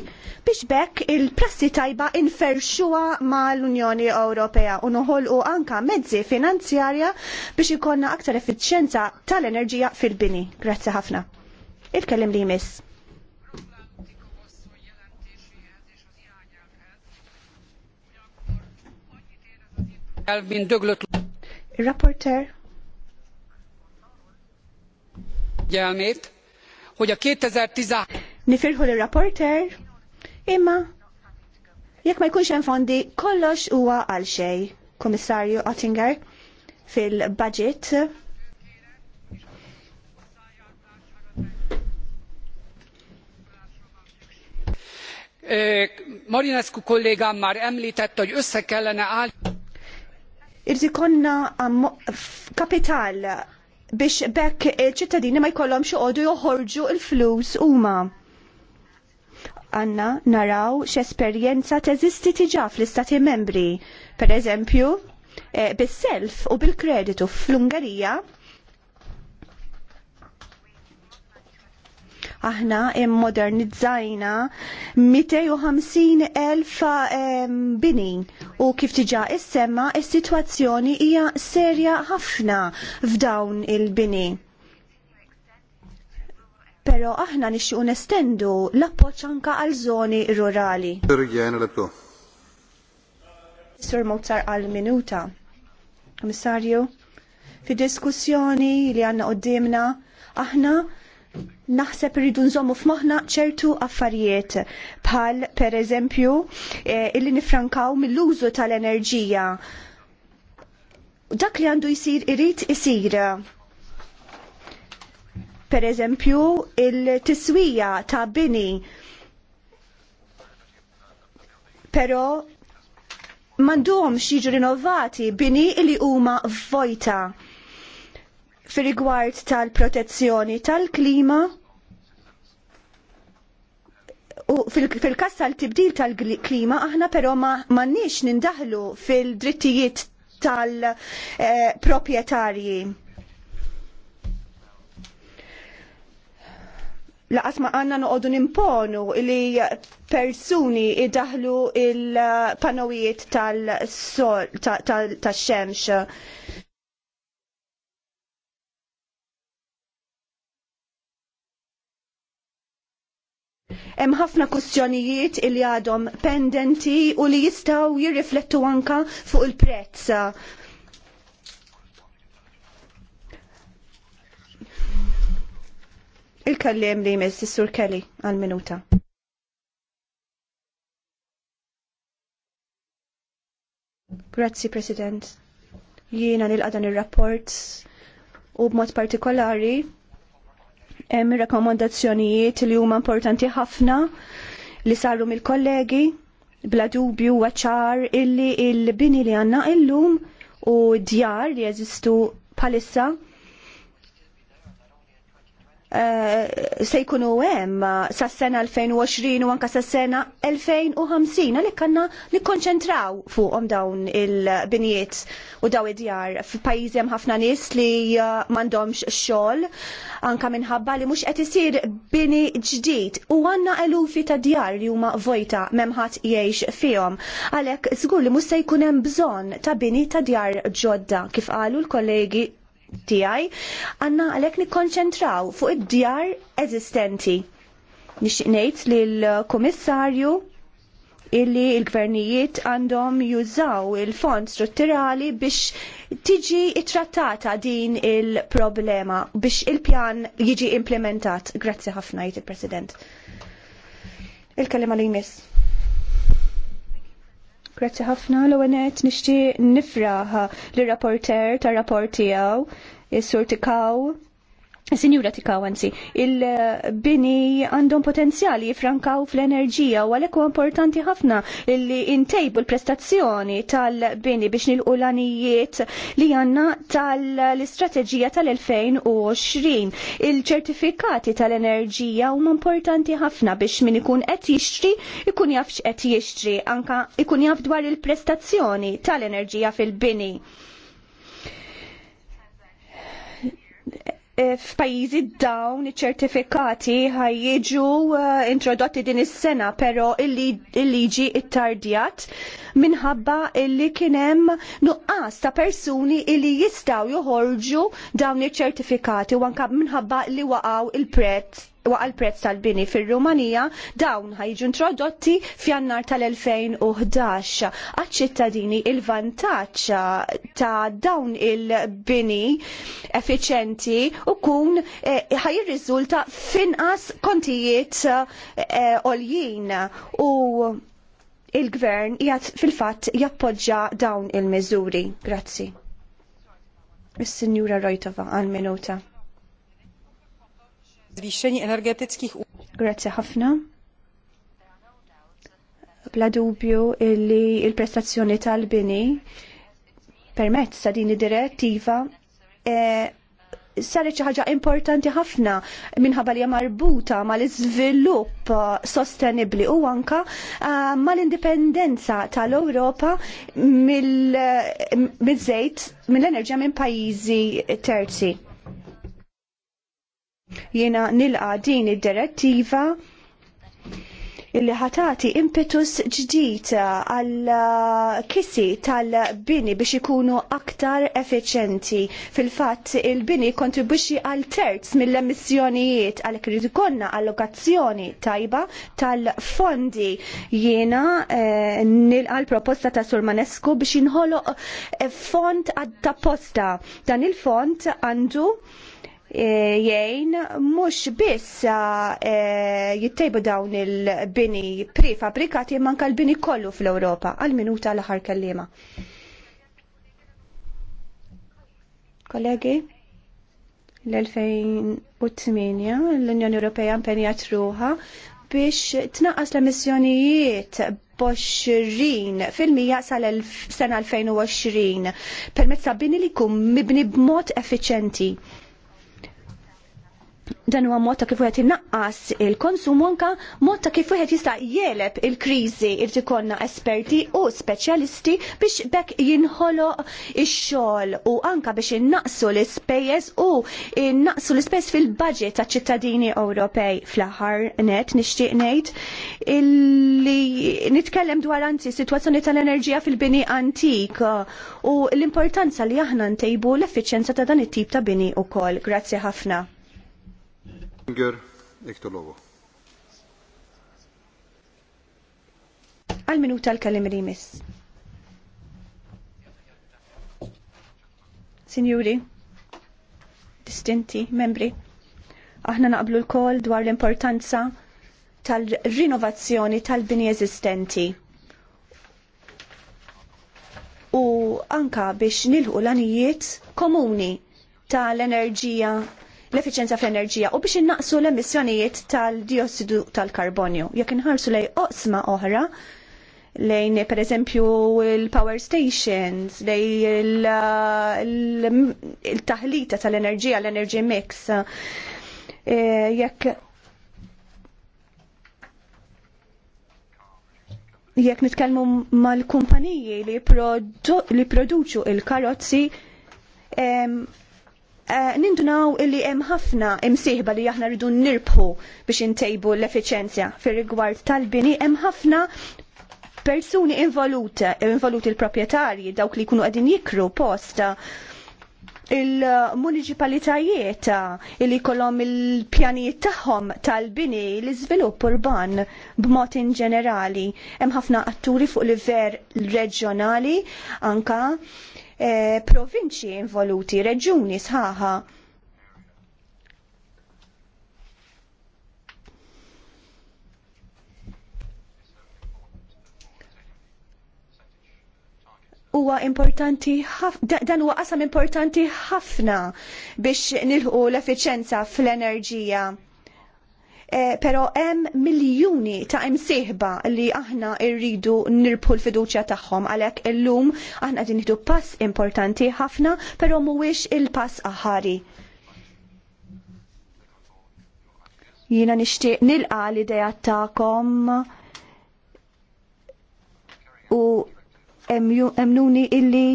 biex bekk il-prassi tajba ma mal-Unjoni Ewropea u noħolqu anka mezzi finanzjarja biex ikonna aktar effiċjenza tal-enerġija fil-bini. Grazzi ħafna. Il-kellim li jmiss. Rapporter. figyelmét, hogy a Nifirħu l-rapporter, imma jekk ma jkunx hemm fondi kollox huwa għal xejn, Kummissarju Ottinger, fil-budget Marinescu kollégám már említett, hogy össze kellene állni. kapitál biex bekk il-ċittadini ma jkollhom għodu joħorġu il-flus huma. Għanna naraw x'esperjenza teżisti tiġa fl-istati membri. Per eżempju, eh, bis-self u bil-kreditu fl-Ungerija Aħna immodernizzajna 250 elf ehm, bini u kif tiġa issemma is-sitwazzjoni hija serja ħafna f'dawn il-bini. Pero aħna nixtiequ nestendu l-appoġġ anke għal żoni rurali. Sur Mozart għal minuta. Komissarju, fi diskussjoni li għanna qoddimna, aħna naħseb rridu nżommu f'moħħna ċertu affarijiet bħal pereżempju eh, illi nifrankaw mill-użu tal-enerġija. Dak li għandu jsir irid isir per eżempju il-tiswija ta' bini. Pero mandom jiġu rinnovati bini li huma vojta fir rigward tal-protezzjoni tal-klima U fil-kas tal-tibdil tal-klima aħna però ma m'għandniex nindaħlu fil-drittijiet tal-proprjetarji. Laqas ma għanna noqogħdu nimponu li persuni idaħlu il-panowijiet tal-xemx. Hemm ħafna kwistjonijiet li għadhom pendenti u li jistgħu jirriflettu anka fuq il-prezz. Il-kallim li jmiss s sur Kelly għal-minuta. Grazzi, President. Jiena nil dan ir rapport u b'mod partikolari Hemm rakkomandazzjonijiet li huma importanti ħafna li saru mill-kollegi bla dubju waċar illi il-bini li għanna illum u djar li jeżistu palissa Eh, se jkunu hemm sas-sena 2020 u anka sas-sena 2050 għalhekk għandna nikkonċentraw fuqhom dawn il-binijiet u daw id-djar f'pajjiżi hemm ħafna nies li eh, m'għandhomx xogħol anka minħabba li mhux qed isir bini ġdid u għandna elufi ta' djar li huma vojta m'hemm ħadd jgħix fihom. Għalhekk żgur li mhux se jkun hemm bżonn ta' bini ta' djar ġodda kif qalu l-kollegi tiegħi, għandna għalhekk nikkonċentraw fuq id-djar eżistenti. Nixtieq ngħid lill-Kummissarju illi il-gvernijiet għandhom jużaw il-fond strutturali biex tiġi ittrattata din il-problema biex il-pjan jiġi implementat. Grazzi ħafna jit il-President. Il-kellima li jmiss. Grazzi ħafna l għanet nixtieq nifraħ l-rapporter tar rapport tiegħu is-sur Tikaw Sinjura Tikawanzi, il-bini għandhom potenzjali jifrankaw fl-enerġija u għalek importanti ħafna li intejbu l-prestazzjoni tal-bini biex nilqu l-anijiet li għanna tal-istrateġija tal-2020. Il-ċertifikati tal-enerġija huma importanti ħafna biex min ikun qed jixtri ikun jafx qed jixtri anka ikun jaf dwar il-prestazzjoni tal-enerġija fil-bini. Eh, f'pajjiżi dawn iċ-ċertifikati ħajjiġu eh, introdotti din is-sena, però il-liġi it-tardjat il liġi it tardjat minħabba illi kienem nuqqas ta' persuni illi jistaw joħorġu dawn iċ-ċertifikati u anka minħabba li waqaw il-prezz waqa l-prezz tal-bini fir-Rumanija dawn ħajġu introdotti f'jannar tal-2011. Għaċ-ċittadini il vantaċ ta' dawn il-bini effiċenti u kun ħajirriżulta eh, finqas kontijiet eh, oljien u il-gvern jgħat fil-fatt jappoġġa dawn il mezzuri Grazzi. Is-Sinjura Rojtova għal minuta. Zvixxeni energetickich Grazzi ħafna. Bla dubju illi il-prestazzjoni tal-bini permezz ta' din id-direttiva eh saret xi ħaġa importanti ħafna minħabba li marbuta mal-iżvilupp eh, sostenibbli u anka eh, mal-indipendenza tal-Ewropa eh, mill-żejt mill-enerġija minn pajjiżi terzi. Jiena nilqa din id-direttiva illi ħatati impetus ġdid għal uh, kisi tal-bini biex ikunu aktar effiċenti. Fil-fatt il-bini kontribwixxi għal terz mill-emissjonijiet għal krid ikonna allokazzjoni tajba tal-fondi jiena eh, proposta ta' Surmanesku biex inħoloq eh, fond għad-tapposta. Dan il-fond għandu Eh, jgħin mhux biss eh, jittejbu dawn il-bini prefabrikati imma anke l-bini kollu fl-Ewropa għal minuta l-aħħar kellima. Kollegi, l-2008 l-Unjoni Ewropea impenjat ruħa biex tnaqqas l-emissjonijiet b'20 fil-mija sal-sena 2020 permezz ta' bini li jkun mibni b'mod effiċenti dan huwa mod ta' kif wieħed innaqqas il-konsum anka mod ta' kif wieħed jista' jeleb il-kriżi irid ikollna esperti u speċjalisti biex bekk jinħoloq ix-xogħol u anke biex innaqsu l-ispejjeż u innaqsu l-ispejjeż fil-budget taċ ċittadini Ewropej fl-aħħar net nixtieq ngħid illi nitkellem dwar anzi sitwazzjoni tal-enerġija fil-bini antik u l-importanza li aħna ntejbu l-effiċjenza ta' dan it-tip ta' bini ukoll. Grazzi ħafna. Għal minuta l-kalim rimis. Signori, distinti, membri, aħna naqblu l-kol dwar l-importanza tal-rinnovazzjoni tal-bini eżistenti u anka biex nilħu l-anijiet komuni tal-enerġija l-efficienza fl-enerġija u biex innaqsu l-emissjonijiet tal-diossidu tal-karbonju. Jekk inħarsu lej oqsma oħra, lejn per eżempju il-power stations, lejn il-taħlita tal-enerġija, l-energy mix, eh, jekk jekk nitkellmu mal-kumpaniji li, produ li produċu il-karozzi, Eh, nindunaw illi hemm ħafna imsieħba li aħna rridu nirbħu biex intejbu l-efficienzja fir-rigward tal-bini hemm ħafna persuni involuti, involuti il-proprjetarji dawk li jkunu qegħdin jikru posta il-municipalitajiet li kolom il-pjanijiet tagħhom tal-bini l-iżvilupp urban b'mod inġenerali. Hemm ħafna atturi fuq livell reġjonali anka E, provinċi involuti, reġuni sħaħa. huwa importanti dan huwa qasam importanti ħafna biex nilħu l-effiċenza fl-enerġija. Eh, pero hemm miljuni ta' imsieħba li aħna rridu nirpu l-fiduċja tagħhom għalhekk illum aħna qegħdin nieħdu pass importanti ħafna, però mhuwiex il-pass aħari. Jiena nixtieq nilqa l-idea tagħkom u emnuni illi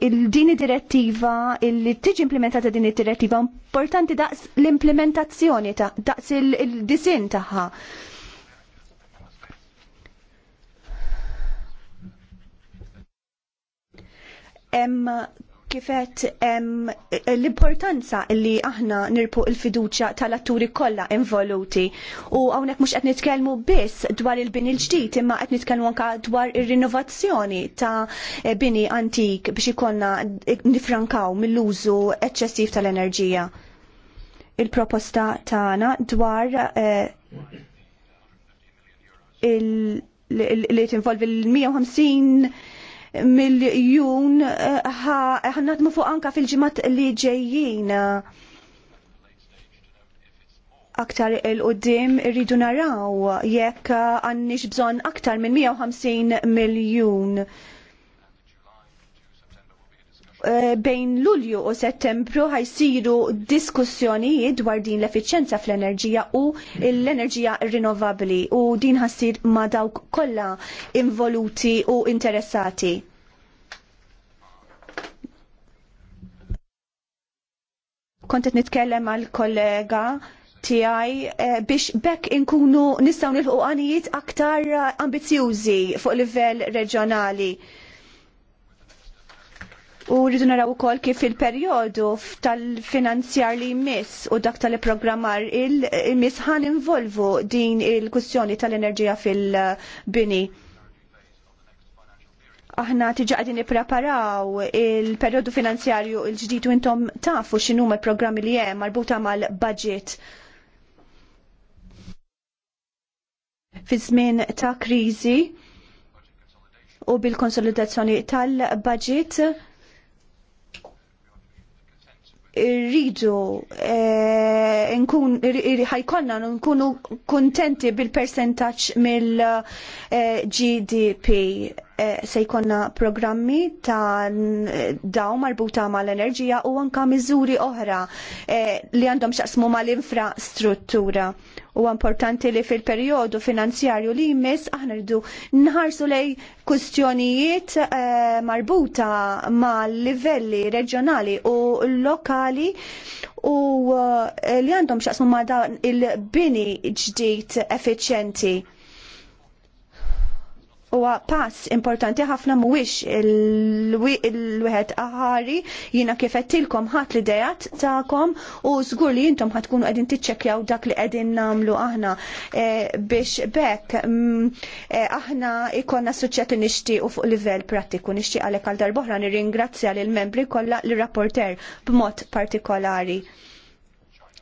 il-din direttiva, illi tiġi implementata din id-direttiva importanti daqs l-implementazzjoni ta' daqs il-disin tagħha. Emma Kifet l-importanza li aħna nirpu il-fiduċa tal-atturi kollha involuti u hawnhekk mhux qed nitkellmu biss dwar il-bini l ġdijt imma qed nitkellmu anke dwar ir-rinnovazzjoni ta' bini antik biex ikonna eh, nifrankaw mill-użu eċċessiv tal-enerġija. Il-proposta tagħna dwar eh, li tinvolvi l-150 miljun eh, ħannatmu fuq anka fil-ġimat li ġejjin aktar il-qoddim irridu naraw jekk għannix bżon aktar minn 150 miljun. Eh, bejn Lulju u Settembru ħajsiru diskussjonijiet dwar din l-efficienza fl-enerġija u l-enerġija rinnovabli u din ħassir ma dawk kollha involuti u interessati. Kontet nitkellem għal kollega tiegħi eh, biex bekk inkunu nistgħu nilħu għanijiet aktar ambizjużi fuq livell reġjonali u rridu naraw ukoll kif il-perjodu tal-finanzjar li jmiss u dak tal-programmar il-miss ħan involvu din il-kwistjoni tal-enerġija fil-bini. Aħna tiġa qegħdin nippreparaw il-perjodu finanzjarju il-ġdid u intom tafu x'inhuma l-programmi li hemm marbuta mal-budget fi żmien ta' kriżi u bil-konsolidazzjoni tal-budget rridu eh, ħajkonna nkunu kontenti bil-percentaċ mill-GDP eh, Eh, se jkonna programmi ta' daw marbuta mal enerġija u anka miżuri oħra eh, li għandhom xaqsmu mal-infrastruttura. U importanti li fil-periodu finanzjarju li jmiss aħna rridu nħarsu lej kustjonijiet eh, marbuta mal livelli reġjonali u lokali u li għandhom xaqsmu ma' dan il-bini ġdid effiċjenti huwa pass importanti ħafna mhuwiex il-wieħed aħari jiena kif qedtilkom ħadd l-idejat tagħkom u żgur li intom ħad tkunu qegħdin tiċċekkjaw dak li qegħdin nagħmlu aħna e, biex bekk mm, e, aħna jkollna suċċett nixtiequ fuq livell prattiku nixtieq għalhekk għal darbohra nirringrazzja lill membri kollha lir rapporter b'mod partikolari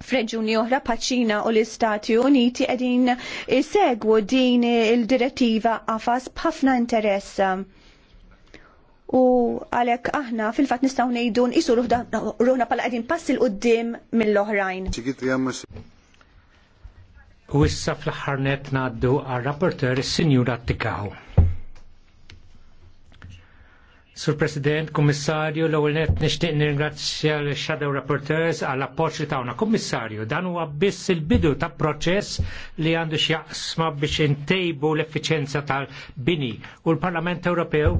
f'reġuni oħra paċina u l-Istati Uniti qegħdin segwu din il-direttiva għafas b'ħafna interess. U għalhekk aħna fil fat nistgħu nejdun isu ruħna bħala qegħdin passi l qudiem mill-oħrajn. U issa fl-aħħar naddu ngħaddu għar-rapporter Signora sinjura Tikaw. Sur President, Kummissarju, l-ewwel net nixtieq nirringrazzja l-Shadow Rapporteurs għall appoġġ li tawna. Kummissarju, dan huwa biss il-bidu ta' proċess li għandu x'jaqsma biex intejbu l-effiċenza tal-bini u l-Parlament Ewropew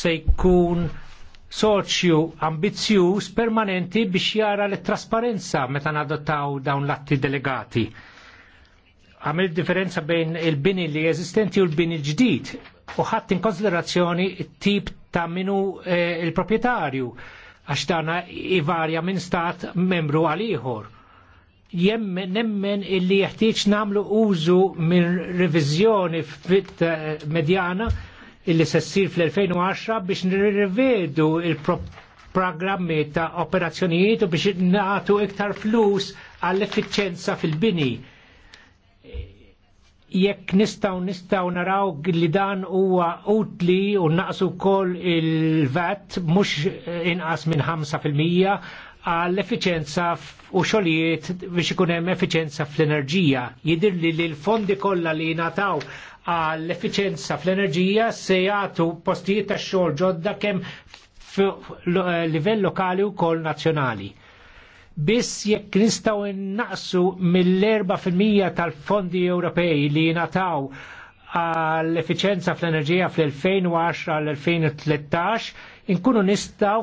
se jkun soċju ambizzjuż permanenti biex jara l-trasparenza meta nadottaw dawn l-atti delegati għamil differenza bejn il-bini li eżistenti u l-bini ġdid u ħadd in konsiderazzjoni tip ta' minu eh, il-proprietarju għax dana ivarja minn stat membru għal ieħor. Jemmen nemmen illi jeħtieġ namlu użu minn reviżjoni fit eh, medjana illi se ssir fl-2010 biex nirrivedu il-programmi ta' operazzjonijiet u biex natu iktar flus għall-effiċenza fil-bini jekk nistaw nistaw naraw li dan huwa utli u naqsu kol il-vat mux inqas minn 5% għall effiċenza u xogħlijiet biex ikun hemm effiċenza fl-enerġija. Jidir li l-fondi kollha li nataw għall effiċenza fl-enerġija se jagħtu postijiet tax xogħol ġodda kemm eh, livell lokali u kol nazzjonali biss jekk nistgħu innaqsu mill-4% tal-fondi Ewropej li jingħataw għall-efficienza fl-enerġija fl-2010 għall-2013 inkunu nistaw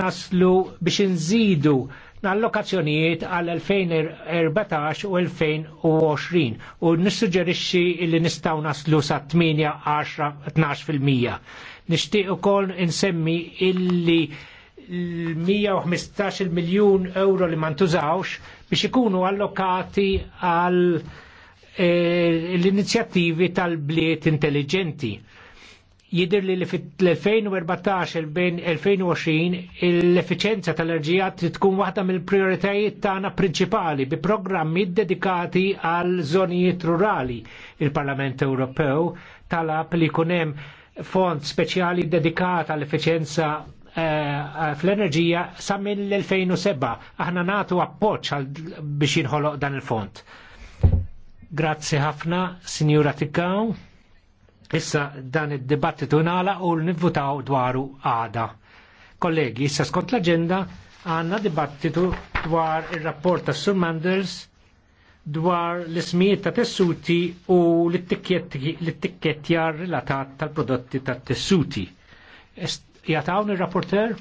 naslu biex nżidu l-allokazzjonijiet għal 2014 u 2020 u nissuġġerixxi li nistaw naslu sa 8-10-12%. Nixtieq ukoll insemmi illi l-115 miljun euro li ma ntużawx biex ikunu allokati għal eh, l-inizjattivi tal-bliet intelligenti jidir li l 2014 bejn 2020 l-efficienza tal-enerġija tkun waħda mill-prioritajiet tagħna prinċipali bi programmi dedikati għal żonijiet rurali. Il-Parlament Ewropew talab li jkun hemm fond speċjali dedikat għall efficienza Eh, eh, fl-enerġija sa mill-2007. Aħna natu appoċ biex jinħoloq dan il-font. Grazzi ħafna, Sinjura Tikkaw. Issa dan id-dibattitu nala u l-nivvutaw dwaru għada. Kollegi, issa skont l-agenda għanna dibattitu dwar il-rapport ta' Sur Manders dwar l-ismijiet ta' tessuti u l tikketja relatat tal-prodotti ta' tessuti. Jatawn il-rapporter?